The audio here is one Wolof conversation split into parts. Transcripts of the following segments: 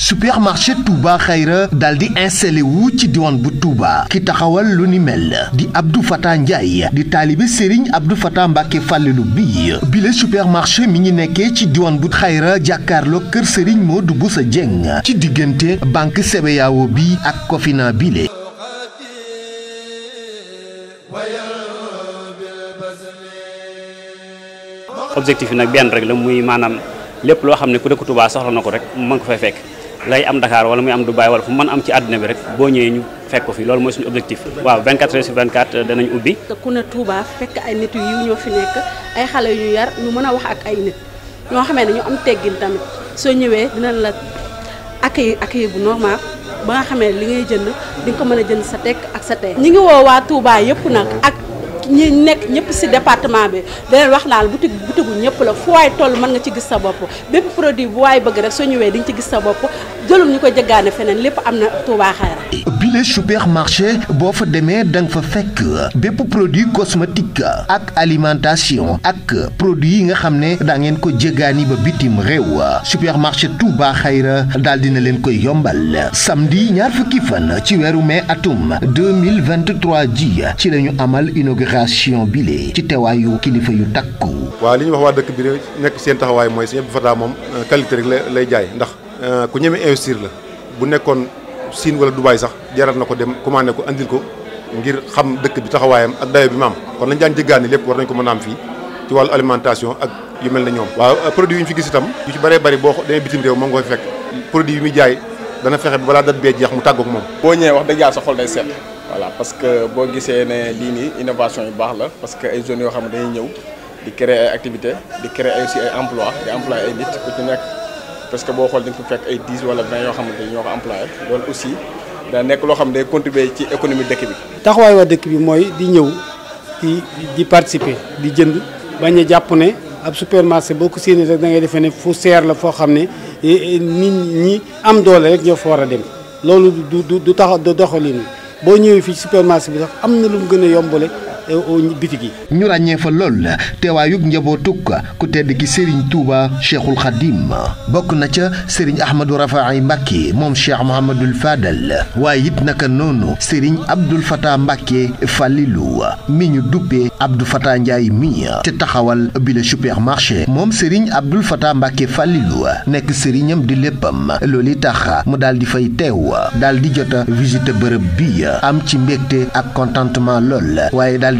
supermarché Touba Xayra dal di installé wu ci diwaan bu Touba ki taxawal lu ni mel di Abdou Fata Ndiaye di taalibe Serigne Abdou Fata Mbacke Fallilou bi bile supermarché mi ngi nekkee ci diwaan bu Xayra jàkkaarloo kër sëriñ moo dugg sa Dieng ci diggante banque CBAO bi ak Cofina bile. objectif bi nag benn rek la muy maanaam lépp loo xam ne ku dëkk Touba soxla na ko rek mën ko fay fekk. lay am Dakar wala muy am Dubaï wala fu mën am ci àdduna bi rek boo ñëwee ñu fekk ko fi loolu mooy suñu objectif. waaw 24 heures sur 24 euh, danañ ubbi. ku ne Touba fekk ay nit yu ñoo fi nekk ay xale yu yar ñu mën a wax ak ay nit ñoo xamee ne ñu am teggin tamit soo ñëwee dinañ la accueil accueil bu normal ba nga xamee li ngay jënd di ko mën a jënd sa tekk ak sa tey. ñi ngi woo waa Touba yëpp nag ak. ñi nek ñepp ci département bi da len wax naal la boutique boutique ñepp la fu waay toll man nga ci gis sa bop bepp produit bu way bëgg rek so ñëwee diñ ci gis sa bop jëlum ñu ko fenen lepp amna am na bi Xayra bile supermarché boo fa démé dang fa fekk bepp produit cosmétique ak alimentation ak produit yi nga xamné da ngeen ko jëggaani ba bitim réew supermarché Touba Khair dal dina len koy yombal samedi ñaar fukki fan ci wéru mai atum 2023 ji ci lañu amal inauguration association bile ci teewaayu kilifa yu takku. waaw li ñu wax waa dëkk bi nekk seen taxawaay mooy Sëñ Abdou Fatah moom euh, qualité rek lay jaay ndax euh, ku ñeme investir la bu nekkoon Chine wala Dubaï sax jaral na ko dem commandé ko andil ko ngir xam dëkk bi taxawaayam ak dayo bi maam kon lañ daan jéggaani lépp war nañ ko mën a fii ci wàllu alimentation ak yu mel na ñoom. waaw produit yi ñu fi gis itam. yu ci bëree bëri boo demee bitim réew moom nga koy fekk produit yi jaay. dana fexé bi balaa date bee jeex mu tàggoog mom bo ñëwee wax dëgg yàlla sa xol day sét voilà parce que bo gissé né lii ni innovation yu bax la parce que ay zones yo xam dañuy ñew di créer ay activités di créer aussi ay emploi di employé ay nit ku ci nekk parce que bo xol dañ ko fekk ay 10 wala 20 yo xamante ñoo ko employé loolu aussi da nekk lo xam contribuer ci économie dëkk bi taxawaay wa dëkk bi moy di ñew di di participer di jënd bañ japp né ab supermarché boo ko séenee rek da ngay defee ne fu seer la foo xam ne eh, eh, nit ñi am doole rek ñoo fa war a dem loolu du du du tax doxalin boo ñëwee fii supermarché bi sax am na lu mu gën a yomb yombale bitig yi ñu ràññee fa lool teewaayug njabootuk ku tedd ki Serigne Touba Cheikhul Khadim bokk na ca Serigne Ahmadou Rafaay Mbacke moom Cheikh Mouhamadul Fadal waaye it naka noonu Serigne Abdoul Fatah Mbacke Falilou mi ñu duppee Abdou Fatah Ndiaye mi te taxawal bi la moom Serigne Abdoul Fatah Mbacke Falilou nekk sëriñam di léppam loolu tax mu daal di fay teew daal di jot visite bërëb bi am ci mbégte ak kontantement lool waaye daal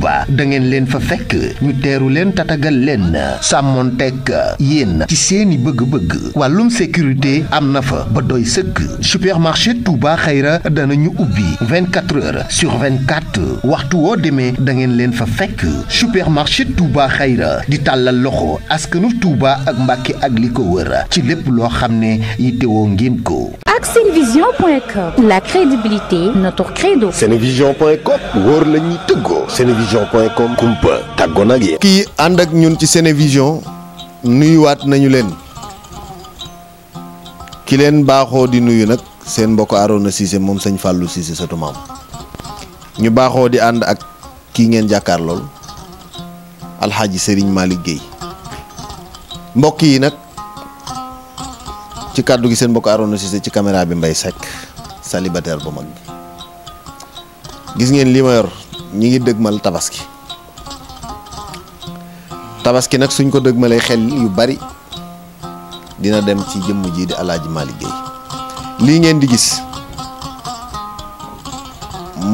Touba da ngeen leen fa fekk ñu teeru leen tatagal leen sàmmonteeg yéen ci seeni bëgg-bëgg wàllum sécurité am na fa ba doy sëkk supermarché Touba Xayra danañu ubbi 24 heures sur 24 waxtu woo demee da ngeen leen fa fekk supermarché Touba Xayra di tàllal loxo askanu Touba ak Mbàkke ak li ko wër ci lépp loo xam ne yittewoo ngeen ko. ak la crédibilité notre credo. senevision.com wóor la ñuy tëggoo senevision point com kumpa tàggoo ànd ak ñun ci Senevision nuyuwaat nañu leen ki leen baaxoo di nuyu nag seen mbokk Arona Cissé moom sëñ Fallou Cissé satu maam ñu baaxoo di ànd ak kii ngeen jàkkaar lool alxaaji sëriñ Malick Guèye mbokk yi nag ci kàddu gi seen mbokk Arona Cissé ci caméra bi mbay Seck célibataire bu mag bi gis ngeen li ma yor ñi ngi dëgmal tabaski tabaski nag suñ ko dëgmalee xel yu bari dina dem ci jëmm jii di alaaji Malick Gueye lii ngeen di gis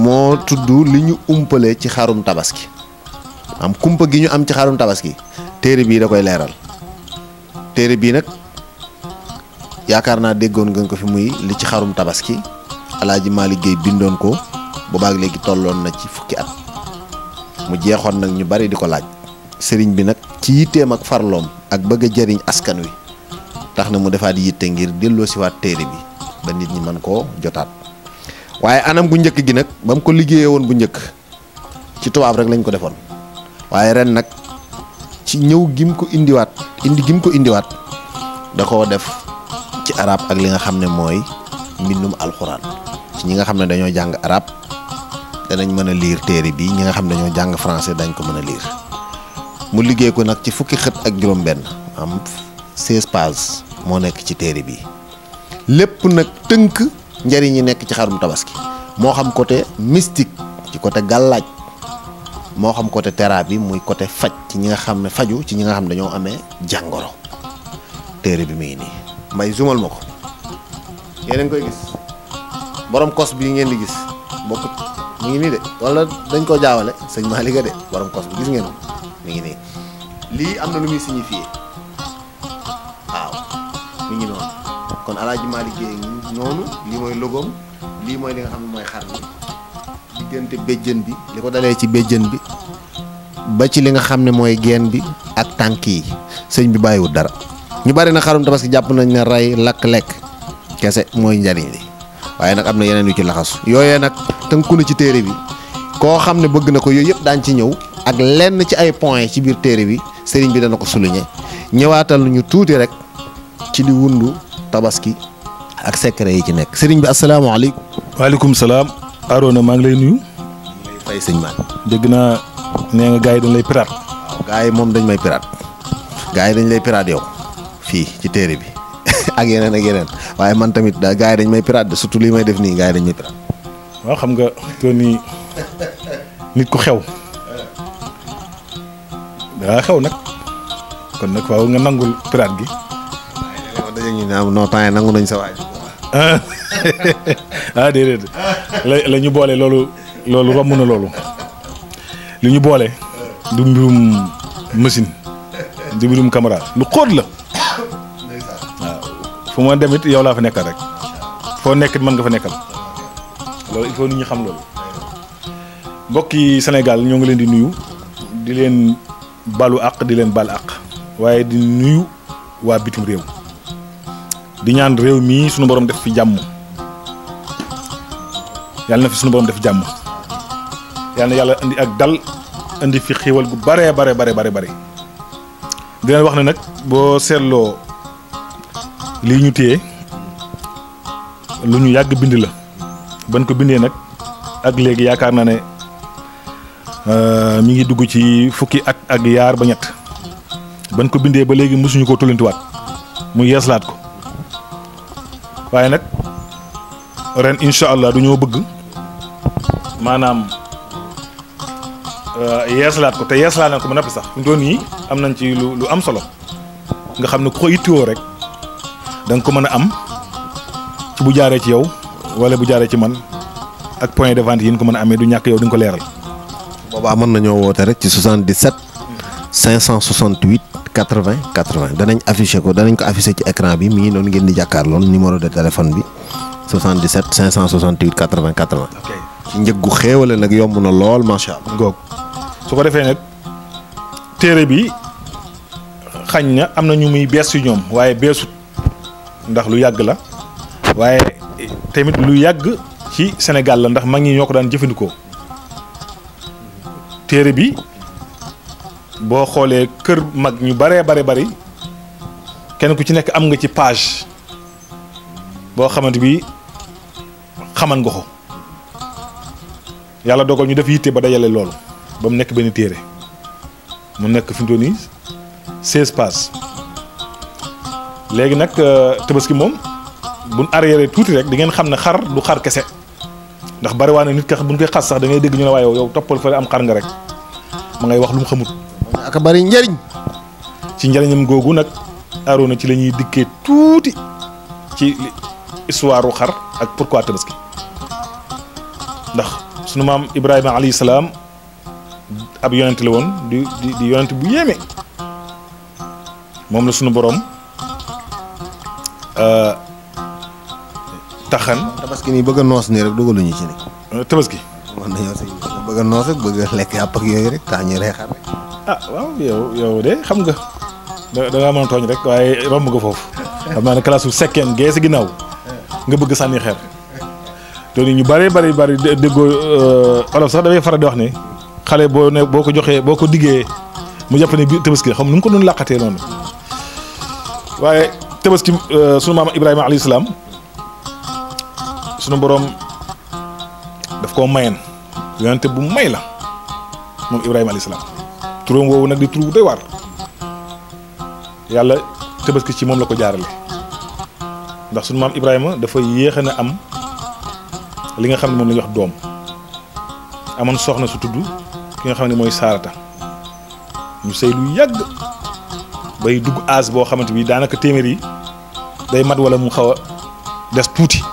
moo tudd li ñu umpale ci xarum tabaski am kumpa gi ñu am ci xarum tabaski téere bii da koy leeral téere bii nag yaakaar naa déggoon ngeen ko fi muy li ci xarum tabaski alaaji Malick Gueye bindoon ko boobaag legi tolon na ci fukki at mu jeexon nak ñu bari di ko laaj serigne bi nak ci yitem ak farlom ak bëgg a askan wi taxna mu defaat yitte ngir delloosiwaat téré bi ba nit ñi man ko jotaat waye anam gu ñëk gi nak bam ko liggéeyee won bu ñëk ci tubaab rek lañ ko defoon waye ren nak ci ñew gim ko indiwaat indi gim ko indiwaat da ko def ci arab ak li nga xamne ne minum alquran ci ñi nga xamne dañoo arab danañ mën a liir téere bii ñi nga xam ne ñoo jàng français dañ ko mën a liir mu liggéey ko nag ci fukki xët ak juróom-benn am 16 pages moo nekk ci téere bi lépp nag tënk njariñ yi nekk ci xarum tabaski moo xam côté mystique ci côté gàllaaj moo xam côté thérapie muy côté faj ci ñi nga xam ne faju ci ñi nga xam ne dañoo amee jàngoro téere bi mu ngi nii mbay zumal ma ko yéen a koy gis borom kos bi ngeen di gis mi ngi nii de wala dañ koo jaawale sëñ Malick de borom kos bi gis ngeen mi ngi nii lii am lu muy signifié waaw mi ngi noonu kon alaaji Malick Gueye noonu lii logom lii moy li nga xam ne mooy xar bi diggante béjjën bi li ko dalee ci béjjën bi ba ci li nga xam ne mooy geen bi ak tànk yi bi bàyyiwul dara ñu bari na xarum tabaski jàpp nañ ne li yu ci tënku ci téere bi koo xam ne bëgg na ko yooyu yëpp daañ ci ñëw ak lenn ci ay point ci biir téere bi sëriñ bi dana ko souligner ñëwaatal nañu tuuti rek ci li wundu tabaski ak secret yi ci nekk sëriñ bi asalaamaaleykum. waaleykum salaam. Arona maa ngi lay nuyu. fay sëñ ma dégg naa nee nga gars yi dañ lay piraat. waaw yi moom dañ may piraat. gars yi dañ lay piraat yow fii ci téere bi ak yeneen ak yeneen waaye man tamit daa gars yi dañ may piraat de may def nii gars yi dañ may waaw xam nga to ni nit ku xew da xew nak kon nak waaw nga nangul piraat gi dañu ñu naam no temps nangu nañ sa waji ah déedéet la ñu boole loolu loolu romb na loolu li ñu boole du mbirum machine du mbirum caméra lu xóot la fu ma demit yow laa fa nekkal rek nga fa nekkal loolu il faut nit ñi xam mbokk yi Sénégal ñoo ngi leen di nuyu di leen balu ak di leen bal ak waaye di nuyu waa bitim réew di ñaan réew mii sunu borom def fi jàmm yàlla na fi sunu borom def jàmm yàlla na yàlla indi ak dal indi fi xéewal gu bare bare bare bare bare di leen wax ne nag boo seetloo lii ñu téye lu ñu yàgg bind la ban ko bindee nag ak léegi yaakaar naa ne euh, mi ngi dugg ci fukki at ak yaar ba ñett ban ko bindee ba léegi mosuñu ko tullantiwaat mu yeeslaat ko waaye nag ren incha allah du ñoo bëgg maanaam euh, yeeslaat ko te yeeslaat nañ ko ba noppi sax fi doon yi am nañ ci lu am solo nga xam ne ku ko ittiwoo rek da nga ko mën a am ci bu jaaree ci yow wala bu jaaree ci man ak point de vente yi ñu ko mën a amee du ñàkk yow di nga ko leeral. boobaa mën nañoo woote rek ci 77. 568 80 80 danañ affiché ko danañ ko affiché ci écran bi mi ngi noonu ngeen di jàkkaarloon numéro de téléphone bi 77 568 80 80. ok ci njëg gu nag yomb na lool macha allah. ngoog su ko defee nag téere bi xañ na am na ñu muy bees yu ñoom waaye beesut ndax lu yàgg la waaye. tamit lu yàgg ci Sénégal la ndax mag ñi ñoo ko daan jëfandikoo téere bi boo xoolee kër mag ñu baree bare bari kenn ku ci nekk am nga ci page boo xamante bi xaman nga ko yàlla dogal ñu def yitte ba dajale loolu ba mu nekk benn téere mu nekk fi mu seize pages léegi nag euh, tabaski moom buñ arrière tuuti rek di ngeen xam ne xar du xar kese ndax bari waa ne nit ka buñ koy xas sax da ngay dégg ñu ne waaye yow toppal fa am xar nga rek ma ngay wax lu mu xamut. ak bari njëriñ. ci njëriñam googu nag Arona ci la ñuy dikkee tuuti ci histoire ru xar ak pourquoi tabaski ndax sunu maam Ibrahima alayhi salaam ab yonent la woon di yonent bu yéeme moom la sunu borom. Euh, taxan. tabaski ni bëgg noos ni rek dugaluñu ci ni euh, tabaski. man nañoo ci bëgg noos ak bëgg lek lekk ak yoy rek tañu rek. ah waaw yow yow de xam nga da da ngaa mën a rek waye romb nga fofu xam na classu classe ge ci ginaaw nga bëgg sànni xeer te ñu bari bari bari euh olof sax ngay faral di wax ni xalé bo ne boko ko boko diggé ko mu jàpp ne bi tabaski xam nu ko doon laqaté non waye tabaski euh, sunu mama Ibrahima alayhi salam sunu boroom daf koo mayeen yonente bu may la moom Ibrahima alayhi salaam woowu nag di tur bu doy waar yàlla tëbaski ci moom la ko jaarale ndax sunu maam Ibrahima dafa yéex a ne am li nga xam ne moom la wax doom amoon soxna su tudd ki nga xam ne mooy saarata ñu sëy lu yàgg bay dugg aas boo xamante bi daanaka téeméer yi day mat wala mu xaw a des tuuti.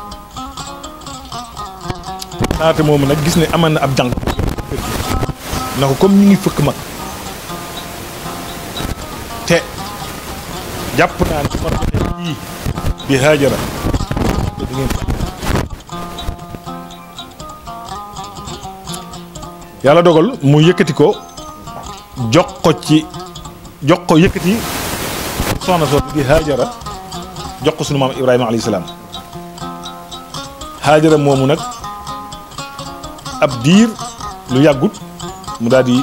naata moomu nag gis ne amal na ab jàng na ko comme ñu ngi fëkk mag te jàpp naa yii di haajara yàlla dogal mu yëkkati ko jox ko ci jox ko yëkkati soxna soo di haajara jox ko sunu maam Ibrahima alayhi salaam haajara moomu nag. ab diir lu yàggut mu daal di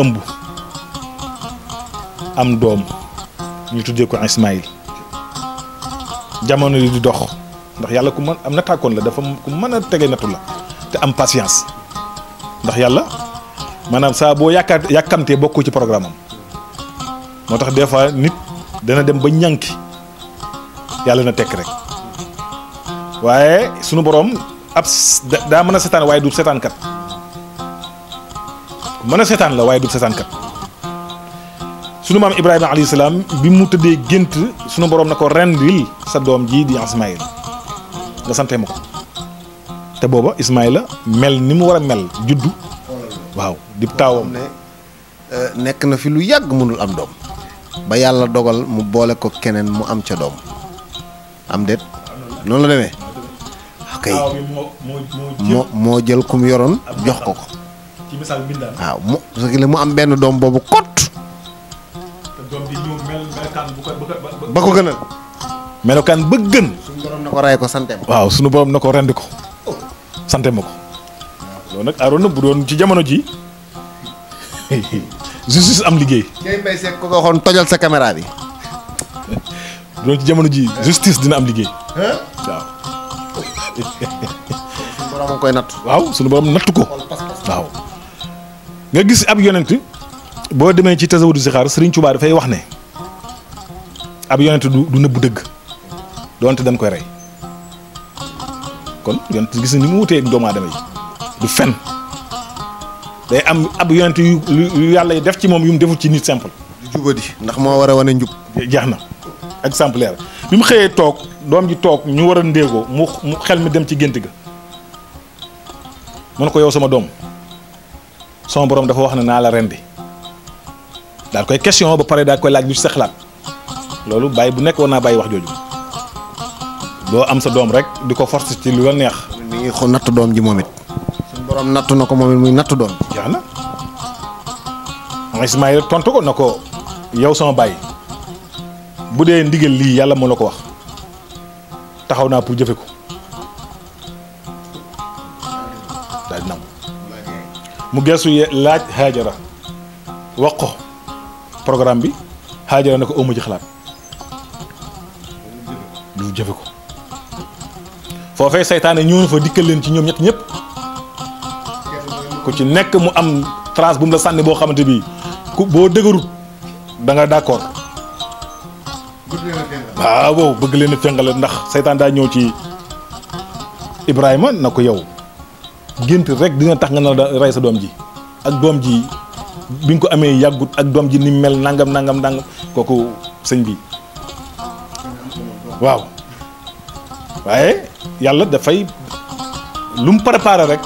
ëmb am doom ñu tuddee ko Ismaïl jamono yi di dox ndax yàlla ku man am na tàkkoon la dafa ku mën a tege nattu la te am patience ndax yàlla maanaam saa boo yàkkaat yàkkamtee bokku ci programme am moo tax des fois nit dana dem ba ñànki yàlla na tekk rek waaye sunu borom. ab daa mën a seetaan waaye du seetaankat mën a seetaan la waaye du seetaankat sunu maam Ibrahima alayhi salaam bi mu tëddee gént sunu boroom na ko rendil sa doom jii di Ismaïl nga sante ko te booba la mel ni mu war a mel juddu waaw di taawam ne euh, nekk na fi lu yàgg mënul am doom ba yàlla dogal mu boole ko keneen mu am ca doom am déet noonu la demee kay ah, mo moo jël kum yoron jox ko ko ci misal bindal waaw mo parce que mo am ben dom bobu kot dom bi ñu mel melokaan bu ko ba ko gënal melokaan ba gën suñu borom nako ray ko santé ma waaw suñu borom nako rend ko oh. santé ma ko loolu nag aaroon bu doon ci jamono ji justice am liggéey ngay mbay sék ko waxoon tojal sa caméra bi do ci jamono ji justice dina am hein waaw koy natt. waaw sunu borom nattu ko. waaw. nga gis ab yonent boo demee ci tasawudu sixaar Serigne Touba dafay wax ne ab yonent du du nëbbu dëgg doonte dañ koy rey kon yonent gis ni mu wutee ak doomu aadama yi du fen day am ab yonent yu yu yàlla yi def ci moom yu mu deful ci nit simple. du jubadi ndax moo war wane njub. jeex na exemplaire bi mu xëyee toog. dom ji tok ñu wara ndego mu xel mi dem ci genti ga mon ko yow sama dom? sama borom dafa wax na naa la rendi daal koy question ba pare daal koy laaj lu ci xalat lolu bay bu nek wona bay wax joju do am sa dom rek di force ci lu neex. mi ngi xool natt ji momit sun borom nat nako momit muy nat dom ay ismaïl tontu ko nako yow sama bay budé ndigal li yalla mo la wax taxaw na pour jëfe ko daal nangu mu ye laaj hajara waqo programme bi hajara nako umu ji xalat xalaat lu jëfe ko foofee seytaane ñëw fa dikkel leen ci ñom ñet ñep ku ci nekk mu am trace bu mu la sanni bo xamanteni bi ku boo da nga d'accord waaw bëgg leen a fengale ndax seytaan daa ñëw ci Ibrahima na ko yow gént rek dina tax nga na rey sa doom ji ak doom ji bi nga ko amee yàggut ak doom ji ni mel nangam nangam nangam kooku sëñ bi waaw waaye yàlla dafay lu mu préparé rek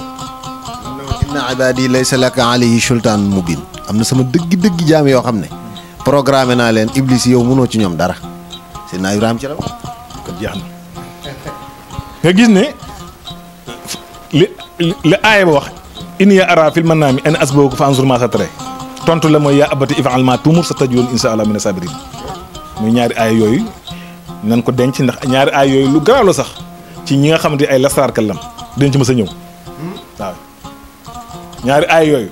inna ibaadi laysa laka alayhi sultaan mubin am na sama dëgg-dëgg jaam yoo xam ne programme naa leen iblis yow mënoo ci ñoom dara Seydina jeex na nga gis ne li li aaye ba wax in ya ara fil manaami an asbawka fa anzur ma satare tontu la mooy yaa abati if'al ma sa satajiduni insha Allah mina sabirin muy ñaari aay yooyu nan ko denc ndax ñaari aay yooyu lu garaaw la sax ci ñi nga xamante ay lasaraar kalam dinañ ci sa a ñëw waaw ñaari aay yooyu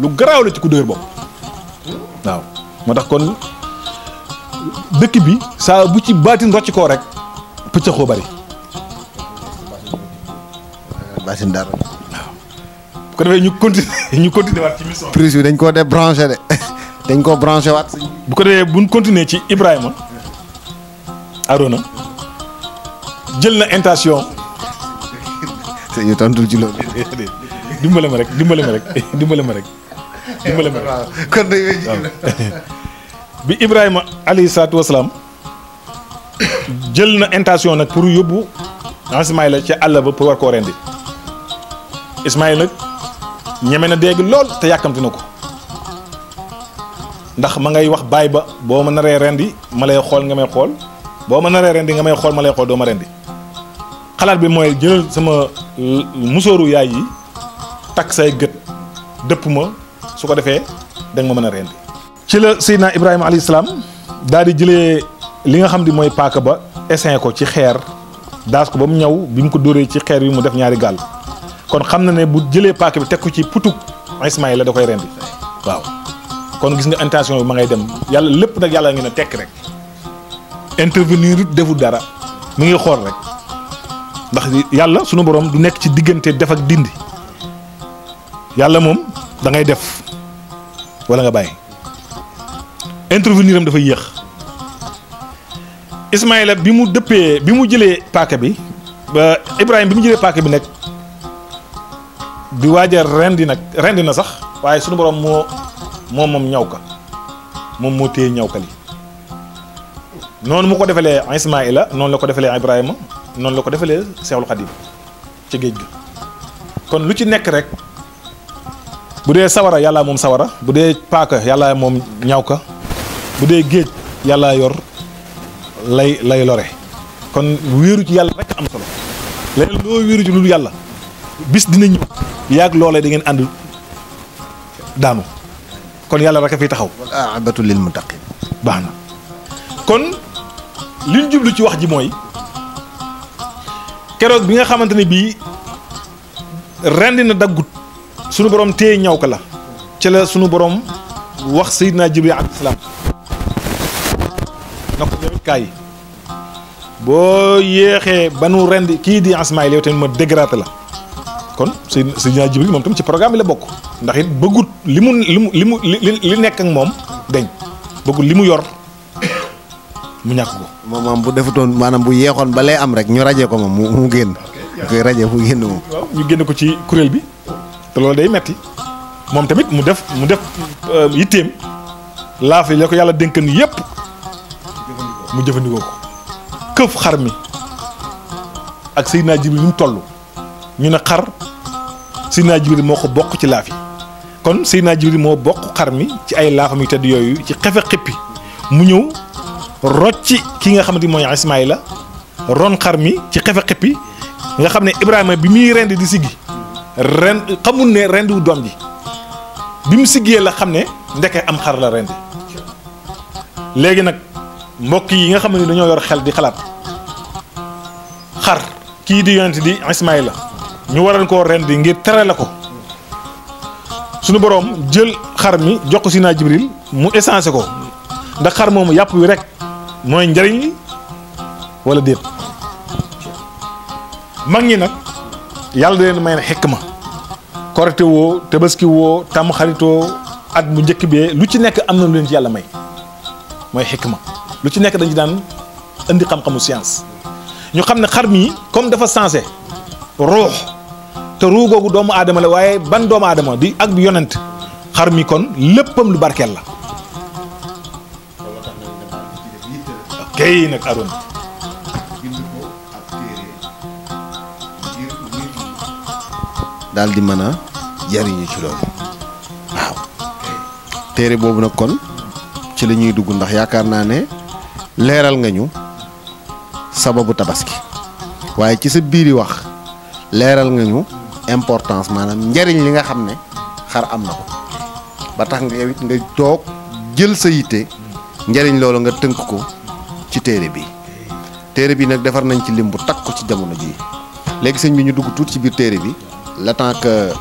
lu garaaw la ci ku dëgër bopp waaw moo tax kon dëkk bi saa bu ci baatin rocc koo rek pëccëxoo bari baatin dara bu ko defee ñu continuer ñu continuer waat prise bi dañ koo débranché de dañ koo branché waat bu ko defee buñ continuer ci Ibrahima Arona jël na intention te ñu tontul ci loolu dimbale ma rek dimbale ma rek dimbale ma rek dimbale ma rek kon bi Ibrahim ali salaatu wasalaam jël na intention puruyubu pour yobbu Ismaïla ci allah ba pour war ko rendi ismaila nak ñeme na dégg lool te yakamti nako ndax ma ngay wax bay ba bo ma naree rendi ma lay xool nga may xol bo ma naree rendi nga may xol ma lay xool ma rendi xalaat bi moy jëlal sama musoru yaay yi tak say gët depp ma su ko defee ma rendi ci la seydina Ibrahim alayhi salam daal di jëlee li nga xam di mooy paaka ba essin ko ci xeer daas ko ba mu ñaw bi mu ko dóoree ci xeer bi mu def ñaari gàll kon xam na ne bu jëlee paaka bi teg ko ci putuk ismaïl la da koy rendi waaw kon gis nga intention ma ngay dem yàlla lépp nag yàlla ngi na tekk rek intervenir defu dara mu ngi xool rek ndax yàlla sunu borom du nekk ci diggante def ak dindi yàlla moom da ngay def wala nga bàyyi intervenir am dafa yéex Ismaïla bi mu dëppee bi mu bi ba Ibrahima bi mu jëlee paaka bi nag di waaja rendi nag rendi na sax waaye sunu borom moo moo moom ñaw ka moom moo téye ñaw ka li noonu mu ko defalee Ismaïla noonu la ko defalee Ibrahima noonu la ko defalee Seexul Xadim ci géej gi kon lu ci nekk rek bu sawara yàlla moom sawara bu dee paaka yàlla moom bu dee géej yàllaa yor lay lay lore kon wéeru ci yàlla rek am solo leneen loo wéeru ci lu yàlla bis dina ñëw yàgg loolee da ngeen ànd daanu kon yàlla rek fi taxaw. wal aaqibatu mu muttaqin baax na kon li ñu ci wax ji mooy keroog bi nga xamante ne bii rendi na daggut sunu borom téye ñaw ko la ci la sunu boroom wax Seydina Jibril alayhi salaam kay bo yexé banu rendi kidi di Ismaïl yow tan ma dégrater la kon Seydina Jibril mom tam ci programme la bok ndax it limu limu limu li nek ak mom deñ bëggut limu yor mu ñak ko. mom moom bu defaton manam bu yexon balé am rek ñu rajé ko mom mu mu ko rajé bu rajee mu ñu génn ko ci kurel bi té lolou day metti mom tamit mu def mu def euh, yitém la fi lako yalla denk mu jëfandikoo ko këf xar mi ak Seydina Jibril ni mu toll ñu ne xar Seydina Jibril moo ko bokk ci laaf yi kon Seydina Jibril moo bokk xar mi ci ay laafam yu tedd yooyu ci xefe xippi mu ñëw rocci ki nga xamante ni mooy Ismaayla ron xar mi ci xefe xippi nga xam ne Ibrahima bi muy rend di siggi ren xamul ne rendi wu doom ji bi mu siggee la xam ne ndeke am xar la rendi léegi nag mbokk yi nga xam ne dañoo yor xel di xalaat xar kii di yonent di Ismaïla ñu waral koo rendi ngir tere la ko suñu borom jël xar mi jox ko Sina Jibril mu essencé ko ndax xar moomu yàpp wi rek mooy njariñ li wala déet mag ñi nag yàlla da leen may na hikma ma korite woo tabaski woo tam xaritoo at mu njëkk bee lu ci nekk am na lu leen ci may mooy hikma lu ci nekk dañu daan indi xam-xamu science ñu xam ne xar mi comme dafa sensé ruux te ruu googu doomu aadama la waaye ban doomu aadama di ak bi yonent xar mi kon léppam lu barkeel la kay nag Arouna daal di mën a jariñu ci loolu waaw téere boobu nag kon ci lañuy dugg ndax yaakaar naa ne leeral nga ñu sababu tabaski waaye ci sa biir yi wax leeral nga ñu importance maanaam njariñ li nga xam ne xar am na ko ba tax nga yow it nga toog jël sa yitte njariñ loolu nga tënk ko ci téere bi téere bi nag defar nañ ci lim bu takk ko ci jamono ji léegi sëñ bi ñu dugg tuut ci biir téere bi le temps que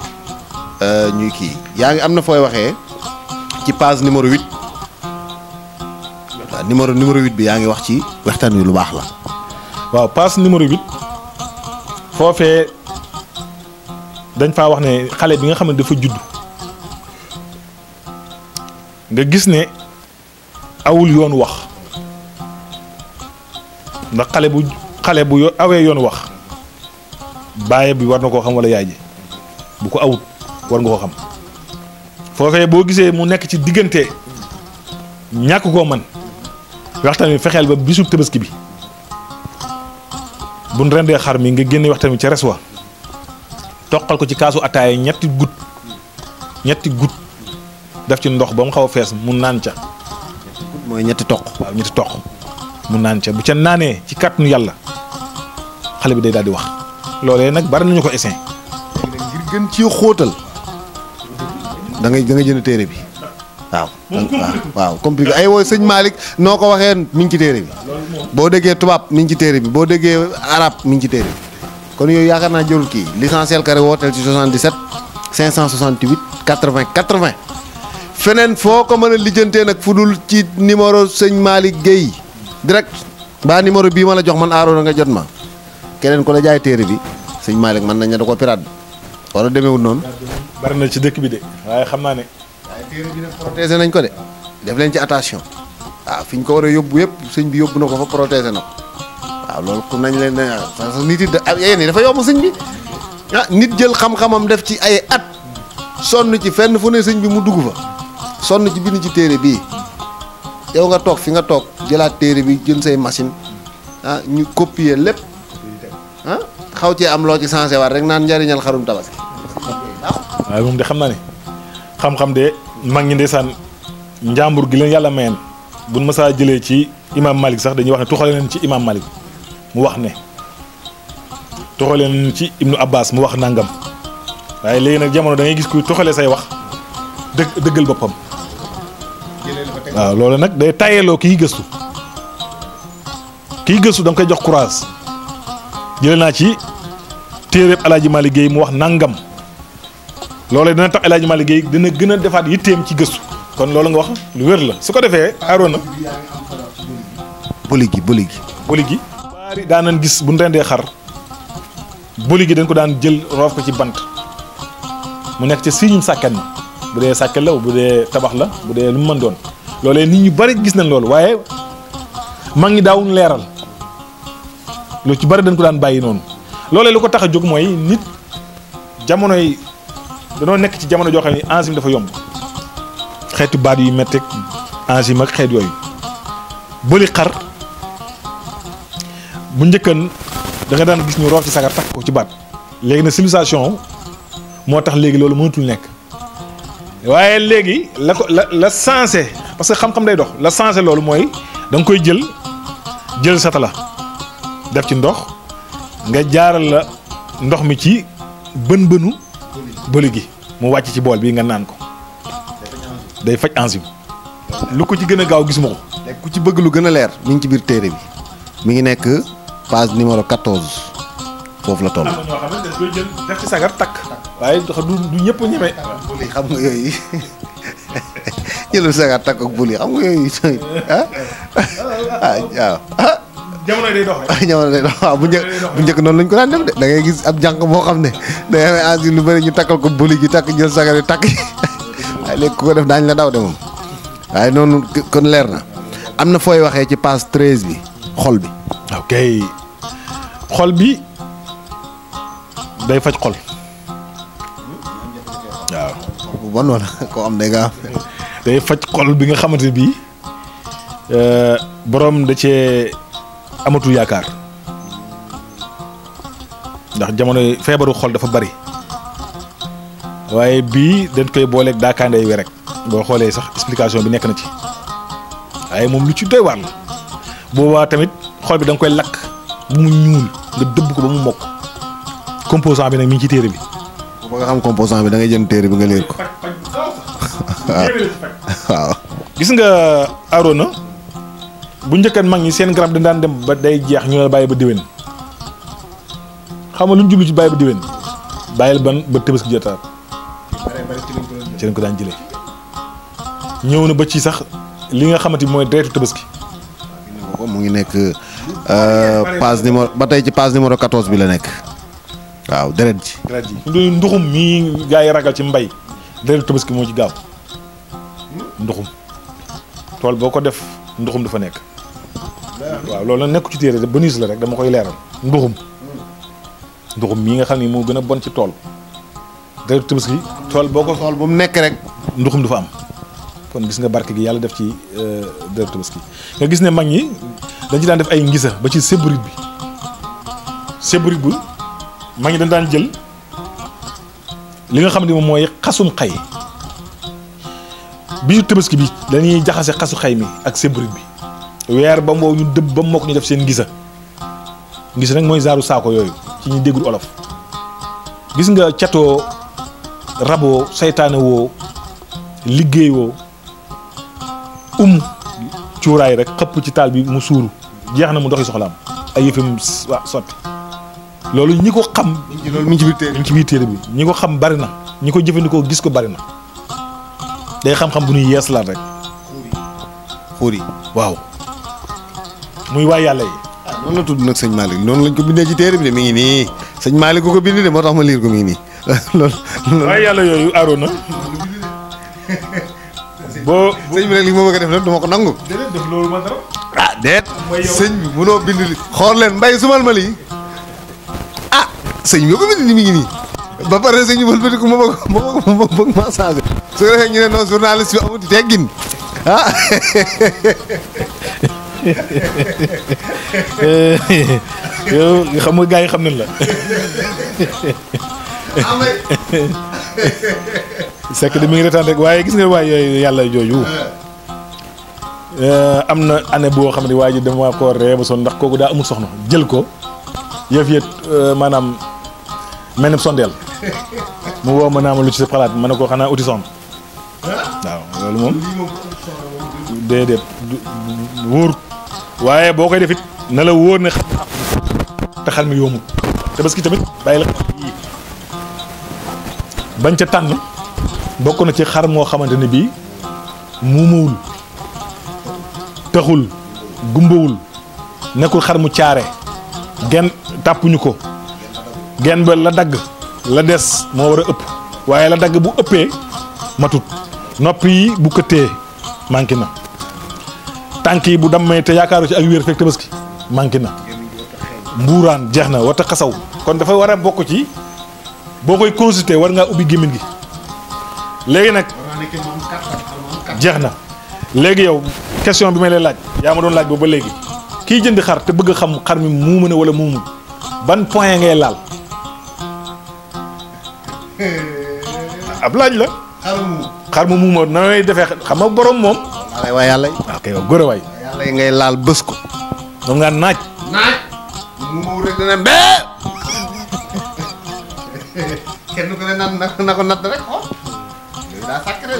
euh, ñuy kii yaa ngi am na fooy waxee ci page numéro 8 numéro numéro 8 bi yaa ngi wax ci wextan wi lu baax la. waaw passe numéro 8 foofee dañ fa wax ne xale bi nga xam ne dafa judd nga gis ne awul yoon wax ndax xale bu xale bu awee yoon wax baaye bi war na koo xam wala yaay ji bu ko awut war nga koo xam foofee boo gisee mu nekk ci diggante ñàkk koo man waxtaan wi ba bisub tebeski bi buñ rendé xar mi nga génné waxtaan wi ca res wa ko ci kasu ñetti gut ñetti gut def ci ndox bam xaw fess mu nan ca moy ñetti tok waaw ñetti tok mu nan ca bu ca nané ci katnu yalla xalé bi day daldi wax lolé nak bar nañu ko essayer ngir gën ci xotal da ngay da ngay jëne téré bi waaw waaw compliqué ay woo sëñ maalik noo ko waxee mi ngi ci téere bi boo déggee tubaab mi ngi ci téere bi boo déggee arab mi ngi ci téere bi kon yooyu yaakaar naa jëlul kii l'essentiel carré wooteel ci 77 568 80 80 feneen foo ko mën a lijjantee nag fu dul ci numéro sëñ Malick Guèye direct baa numéro bii ma la jox man aaroon nga jot ma keneen ko la jaay téere bi sëñ Malick mën nañ ne da ko piraat bi wala demeewul noonu bari ci dëkk bi de naa ne protéger nañ ko de def leen ci attention waaw fi ñu ko war a yóbbu yëpp sëñ bi yóbbu na ko fa protéger na ko waaw loolu ku nañ leen ne sa nit yi yéen dafa yomb sëñ bi ah, nit jël xam-xamam def ci ay at sonn ci fenn fu ne sëñ bi mu dugg fa sonn ci bind ci téere bii yow nga toog fi nga toog jëlaat téere bi jën say machine ah ñu copier lépp ah xaw cee am loo ci changé waat rek naan njariñal xarum tabaski waaw moom de xam naa ne xam-xam de mag ngi ndessan njambur gi len yalla mayen buñ ci imam malik sax dañuy wax ne tukhale len ci imam malik mu wax ne tukhale len ci ibnu abbas mu wax nangam waye legi nak jamono da ngay gis ku tukhale say wax dëgg dëggal boppam waaw lolé nak day tayelo ki geustu ki geustu dang koy jox courage na ci téréb malik géey mu wax nangam lolé dina tax eladji Hadj Malick Guèye dina gëna a defaat ci gëssu kon lolou nga wax lu wër la su ko defee Arona. boligi boligi boligi bari da nañ gis bu ndende xar boligi dañ ko daan jël roof ko ci bant mu nekk ci siñum sakkan bu dé sàkkan la bu dé tabax la bu dé lu mën doon lolé nit ñu bari gis nañ lolou wayé mag ngi daawuñu léral lu ci bari dañ ko daan bayyi non lolé lu ko tax a nit jamono danoo nekk ci jamono joo xam ne enzyme dafa yomb xeetu baat yu metteeg enzyme ak xeet yooyu bëli xar bu njëkkan da nga daan gis ñu roof ci sagar takk ko ci baat léegi na civilisation moo tax léegi loolu mënatul nekk waaye léegi la ko la la sensé parce que xam-xam day dox la sensé loolu mooy danga koy jël jël satala def ci ndox nga jaaral la ndox mi ci bën-bënu bëli gi mu wacc ci bol bi nga nan ko day fajj enzyme lu ko ci gëna gaaw gis ma ko ku ci bëgg lu gëna leer mi ngi ci biir téré bi mi ngi nekk page numéro 14 fofu la tollu def ci sagar takk waaye du ñëpp ñeme xam nga yooyu jëlul sagar tak ak buli xam nga ha ah? ah waaw ah? jamono day dox rek jamono day dox waaw bu njëkk bu njëkk noonu lañ ko daan def de da ngay gis ab jànq boo xam ne day amee asile lu bëri ñu takkal ko buli gi takk jël sagari takk waaye léegi ko def daañ la daw de moom waaye noonu kon leer na amna na fooy waxee ci passe treize bi xol bi ok xol bi day faj xol waaw bu bon wala koo am day nga am day faj xol bi nga xamante bi eh, borom da cee amatul yaakaar ndax jamono feebaru xool dafa bari waaye bii dañ koy booleeg daakaanday we rek boo xoolee sax explication bi nekk na ci waaye moom lu ci doy waar la boobaa tamit xool bi danga koy lakk bu mu ñuul nga dëbb ko ba mu mokk composant bi nag mi ci téere bi. ba nga xam composant bi da ngay jënd téere bi nga leer ko. waaw. gis nga Arona. bu njëkkat mag ñi seen garab dañ daan dem ba day jeex ñu la bàyyi ba diwén xam nga lu ñu ci bàyyi ba diwén bàyyil ban ba Tabaski jotaat ci lañ ko daan jële ñëw na ba ci sax li nga xamante ni mooy deretu Tabaski mu ngi nekk euh, page numéro ba tey ci page numéro 14 bi la nekk waaw deret ji deret ji nduxum mii gaa yi ragal ci mbay deretu Tabaski moo ci gaaw nduxum tool boo ko def nduxum dafa nekk waaw loolu nag nekku ci téere bonus la rek dama koy leeral nduxum nduxum mii nga xam ne moo gën a bon ci tool dara tabaski tool boo ko tool bu mu nekk rek nduxum dafa am kon gis nga barke gi yàlla def ci euh, dara tabaski nga gis ne mag ñi dañ daan def ay ngisa ba ci sébrit bi sébrit bu mag ñi dañ daan jël li nga xam ne moom mooy xasum xay bisu tabaski bi dañuy jaxase xasu xay mi ak sebrit bi weer ba moo ñu dëbb ba mokk ñu def seen ngisa ngisa nag mooy zaaru saako yooyu ci ñu déggul olof gis nga catoo raboo saytaane woo liggéey woo um cuuraay rek xëpp ci taal bi mu suuru jeex na mu doxi soxlaam ay yëfam waa sotti loolu ñi ko xam. loolu ci biir téere bi ñi ko xam bari na ñi ko jëfandikoo gis ko bari na. day xam-xam bu ñuy yees laat rek. xuur waaw. muy waay yàlla yi. Ah, noonu la tudd nag sëñ maali noonu lañ ko bindee ci téere bi de mi ngi nii sëñ Malick ko ko bind moo tax ma liir ko mi ngi nii loolu. yooyu aaroon na. boo sëñ ma bëgg a def ko nangu. loolu ma dara. ah déet. Ah, sëñ bi munoo bind li. xool leen mbay sumal ma lii. ah sëñ bi ko bind ni mi ngi nii. ba pare sax ñu wëlbatiku ma bëgg ma bëgg ma bëgg maa changé su ko ñu ne non journaliste bi amul teggin ah. yow xam nga gars yi xam nañ la. sekk di mi ngi retaan rek waaye gis nga waay yàlla jooju. Eh, am na année boo xam ne waa ji dama ko ree ba ndax kooku daa amul soxna jël ko yëf yët eh, maanaam mel sondeel mu mana ma lucu sekali, lu ci karena nah, ma ne ko xanaa autisme waaw loolu moom déedéet wóor waaye boo defit na la wóor ne xam te xel mi yoomut te parce que tamit bàyyi la bañ ca tànn bokk na ci xar moo xamante ne bii muumawul taxul gumbawul xar mu ko gen ba la la des moo war a ëpp waaye la dagg bu ëppee matut nopp yi bu këttee manqué na tànk yi bu may te yaakaaru ci ak wér fekk tabaski manqué na mbuuraan jeex na warta xasaw kon dafa war a bokk ci boo koy consulter war ngaa ubbi gémmiñ gi léegi nag jeex na léegi yow question bi may lay laaj yaa ma doon laaj boobu ba léegi kiy jënd xar te bëgg a xam xar mi muuma ne wala muumul ban point ngay laal ab laaj la. xar mu muuma xar mu muuma na xam nga borom moom. waaye ah, waay yàlla yi. ngay laal bës ko. moom nga naaj.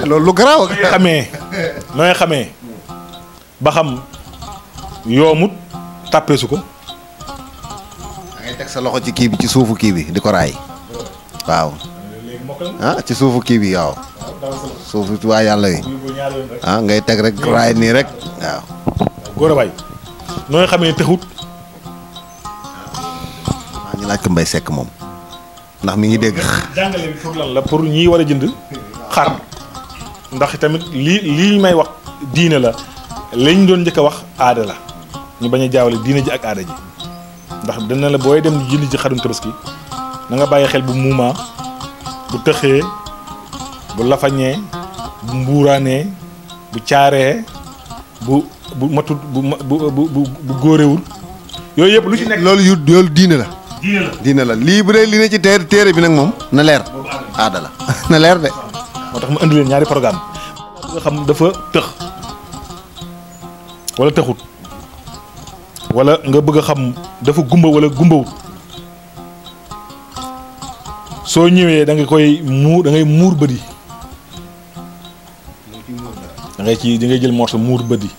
loolu lu garaaw. nooy xamee nooy xamee ba xam yoomut tàppeesu ko. da teg sa loxo ci kii bi ci suufu kii bi di ko raay. waaw. ah ci suufu kii bi waaw suufu waa yàlla yi ah, ngay teg rek raay nii rek waaw góor a waay nooy xamee tëxut maa ngi laaj moom ndax mi ngi dégg jàngale bi pour lan la ñi war a jënd xar ndax tamit lii lii may wax diine la lañ doon njëkk a wax aada la ñu bañ a jaawale diine ji ak aada ji ndax dana la booy dem jënd ci xarum tabaski na nga bàyyi xel bu muumaa bu texé bu lafañee bu mbuuraanee bu caaree bu bu matut bu bu bu bu góorewul yoy yëpp lu ci nek lolou yu loolu diine la. diine la diine la lii li né ci téré téré bi nak mom na lèr ada la na lèr dé motax tax ma indi ñaari programme nga xam dafa tex wala texut wala nga bëgg xam dafa gumba wala gumbawut so ñëwee da nga koy mu da ngay mur bëdi da ngay ci da ngay jël morceau mur bëdi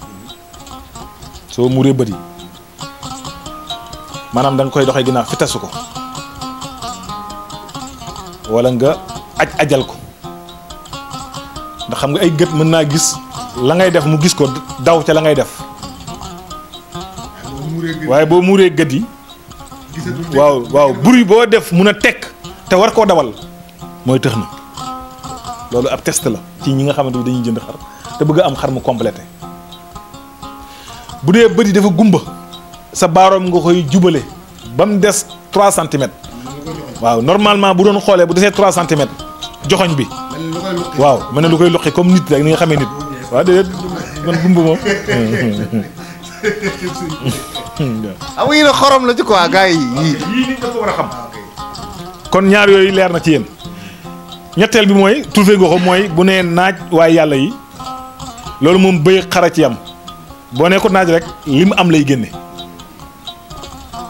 so muré bëdi manam da nga koy doxé ginaaw fitasu ko wala nga aj ajal ko ndax xam nga ay mëna gis la ngay def mu gis ko daw ci la ngay def waye bo muré gët yi waaw buri bo def mëna tek té war ko dawal moy tëx lolu ab test la ci ñi nga xamanteni dañuy jënd xar té bëgg am xar mu complété bu dé bëri dafa gumba sa barom nga koy jubalé bam dess 3 cm waaw normalement bu doon xolé bu desee 3 cm joxogn bi waaw mën lu koy loqi comme nit rek ni nga xamé nit waaw dé man gumba mo amuñu ne xorom la ci quoi gars yi yii nit ñi ko war xam kon ñaar yooyu leer na ci yéen ñetteel bi mooy turfe goxo mooy bu nee naaj waaye yàlla yi loolu moom bëy xara ci yam boo ne ko naaj rek li mu am lay génne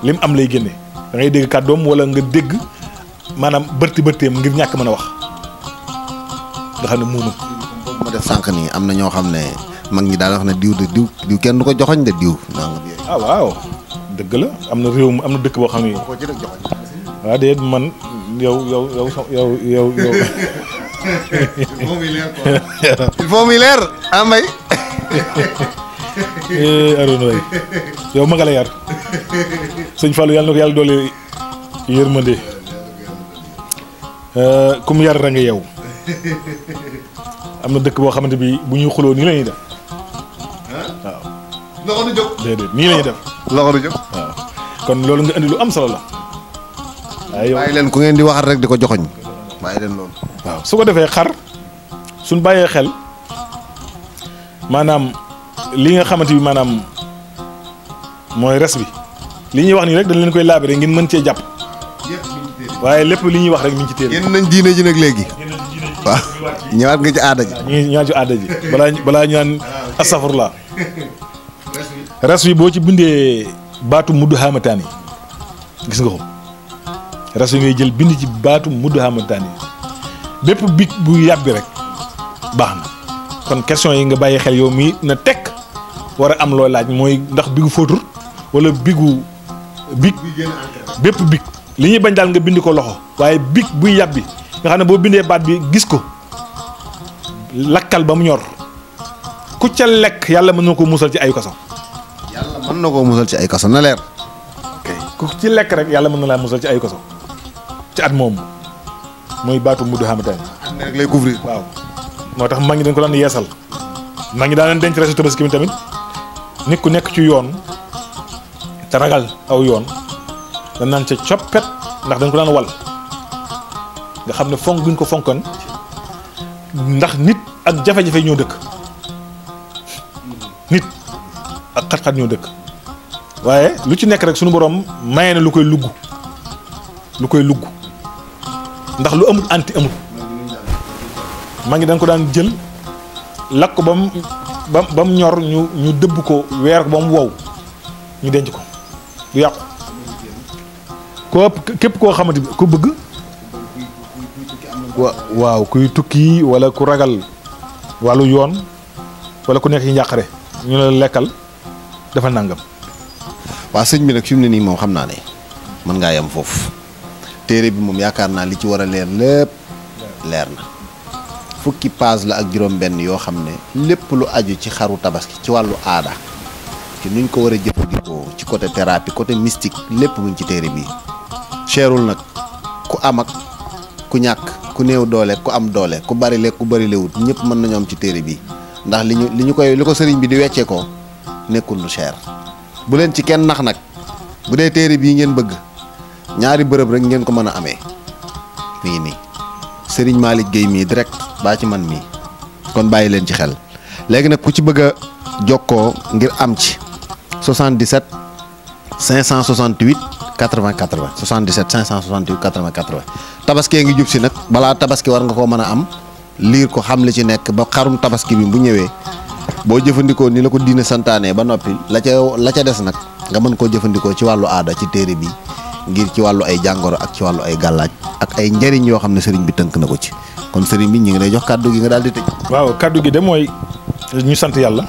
li am lay génne da ngay dégg kàddoom wala nga dégg maanaam bërti bërteem ngir ñàkk mën a wax nga xam ne muunu ma def sanq nii am na ñoo xam ne mag ñi daal wax ne diw de diw diw kenn du ko joxoñ de diw ah, waaw dëgg la am na réew am na dëkk boo xam ne waaw déet man Eh, yow yow yow yow yow yow. il faut muy leer ma nga la yar sëñ Fallou yàlla na ko yàlla doole yërmande eh, ku mu yar ra am na dëkk boo xamante bi bu ñuy xuloo nii la def waaw. loolu nga indi lu am solo la. bàyyi leen ku ngeen di waxat rek di ko joxoñ bàyyi leen loolu. waaw su ko defee xar suñ bàyyee xel maanaam li nga xamante bi maanaam mooy res bi li ñuy wax nii rek dañ leen koy laabire ngeen mën cee jàpp. waaye lépp li ñuy wax rek mi ci téere. nañ diine ji nag léegi. waaw ngi ci aada ji. ñu ñëwaat ci aada ji balaa ñaan ñu naan ah, astafurla. res bi boo ci bindee baatu mudd xaamataan yi gis nga ko. rasu ngay jël bind ci baatu muddu hamadaan yi bépp big bu yab rek baxna kon question yi nga bàyyi xel yow mi na tek wara am lo laaj moy ndax bigu fotur wala bigu big bépp big li ñuy bañ dal nga bind ko loxo waaye bu yab bi nga xam bo bindé bindee baat bi gis ko lakal ba mu ñor ku ca lek yalla mëno ko musal ci ay kasso yalla mëno ko musal ci ay kasso na leer ku ci lek rek yalla mëno la ci ay kasso ci at moom moy baatu mudu xamatan rek lay couvrir waaw motax tax dañ ko lan yeesal ma ngi lan denc resu tabaski mi tamit nit ku nek ci yoon ta ragal aw yoon dañ nan ci chopet ndax dañ ko lan wal nga xamne fonk buñ ko fonkon ndax nit ak jafé jafé ñoo dëkk nit ak xat-xat ñoo dëkk waaye lu ci nek rek suñu borom mayena lu koy lugu lu koy lugu ndax lu amul anti amul Mangi ngi kuda ko dan jël lak ko bam bam bam ñor ñu ñu dëbb ko wër bam wow ñu denc ko du yaq ko kep ko xamante ko bëgg waaw kuy tukki wala ku ragal walu yoon wala ku nekk ci njàqare ñu la lekkal dafa nangam wa señ bi nak ni xamna ne man nga yam fofu téere bi moom yaakaar naa li ci war a leer lépp leer na fukki paas la ak juróom-benn yoo xam ne lépp lu aju ci xaru tabaski ci wàllu aada ci nuñ ko war a jëfandikoo ci côté thérapie côté mystique lépp muñ ci téere bi cherul nag ku amak ku ñàkk ku néew doole ku am doole ku bari lekk ku bari lewut ñëpp mën nañu am ci téere bi ndax li ñu li ñu koy li ko sëriñ bi di weccee ko nekkul lu cher bu leen ci kenn nax nag bu dee téere bii ngeen bëgg. ñaari bërëb rek ngeen ko mëna amé amee mi Serigne malik gey mi direct ba ci man mi kon bayi leen ci xel légui nak ku ci bëgg joko ngir am ci 77 568 80 80 77 568 80 80 tabaskee ngi jub si nag balaa tabaski war nga koo mën a am liir ko xam li ci nekk ba xarum tabaski bi bu ñëwee boo jëfandikoo ni la ko diine santaane ba noppi la ca la ca des nag nga mën koo jëfandikoo ci wàllu aada ci téere bi ngir ci walu ay jangoro ak ci walu ay galaj ak ay njariñ yo xamne serigne bi teunk nako ci kon serigne bi ñi ngi lay jox kàddu gi nga daldi tej waaw kàddu gi de moy ñu sante yalla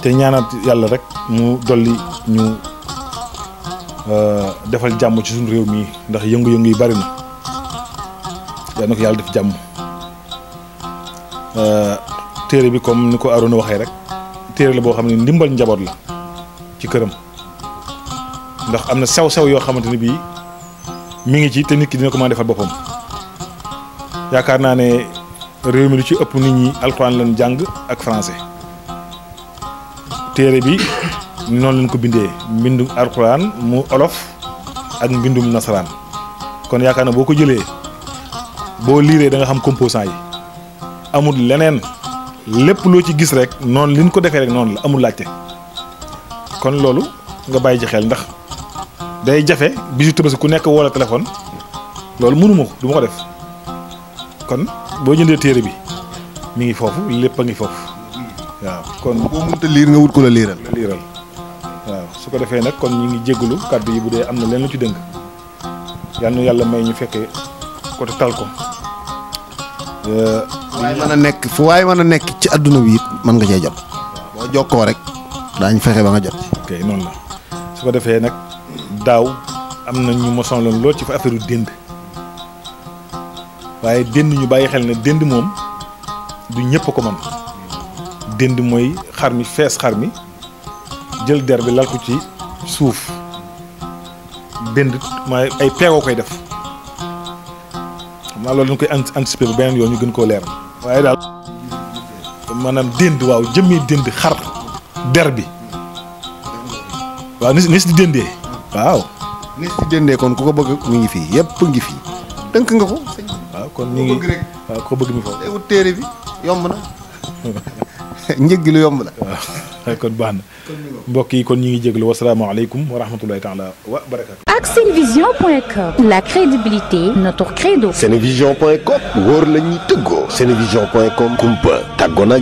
te ñaanat yalla rek mu doli ñu euh, defal jamm ci sun rew mi ndax yeungu yeungu yi bari na yàlla nak yalla def jamm euh téré bi comme niko arono Arouna rek téré la bo xam ndimbal njabot la ci kërëm ndax am na sew-sew yoo xamante ni bii mi ngi ci te nit ki dina ko mën a defal boppam yaakaar naa ne réew mi lu ci ëpp nit ñi alxuraan lañ jàng ak français téere bi noonu lañ ko bindee mbindum alxuraan mu olof ak mbindum nasaraan kon yaakaar na boo ko jëlee boo liiree danga xam composant yi amul leneen lépp loo ci gis rek noonu liñ ko defee rek noonu la amul laajte kon loolu nga bàyyi ci ndax day jafe bisu tabaski ku nekk woo la téléphone loolu mënuma ko du ma ko def kon boo jëndee téere bi mu ngi foofu lépp a ngi foofu kon boo liir nga wut ko la liiral liiral waaw su ko defee nag kon ñu ngi jégalu kàddu yi bu dee am na leen lu ci dëng yal na may ñu fekkee côté tal ko waaye mën a nekk fu waaye mën a nekk ci àdduna bi it mën nga cee jot boo jokkoo rek daañ fexe ba nga jot ok noonu la su ko defee nag daaw am na ñu moson loon lool ci fa affaire dënd waaye dënd ñu bàyyi xel ne dënd moom du ñëpp ko man dënd mooy xar mi fees xar mi jël der bi lal ko ci suuf dënd maay ay peegoo koy def xam naa loolu dañ koy anticiper ba beneen yoon ñu gën koo leer waaye daal maanaam dënd waaw jëmmee dënd xar der bi waa ni si di dëndee waaw nes ci dendee kon ku ko bëgg mu ngi fii yëpp ngi fii dënk nga ko waaw kon ñu ngi rek waaw ko bëgg mi foofu day wut téere bi yomb na njëg gi lu yomb la waaw kon baax na mbokk yi kon ñu ngi jéglu wasalaamaaleykum wa rahmatulahi taala wa barakatu ak la crédibilité notre credo senevision.com wóor la ñuy tëggoo senevision.com kumpa tàggoo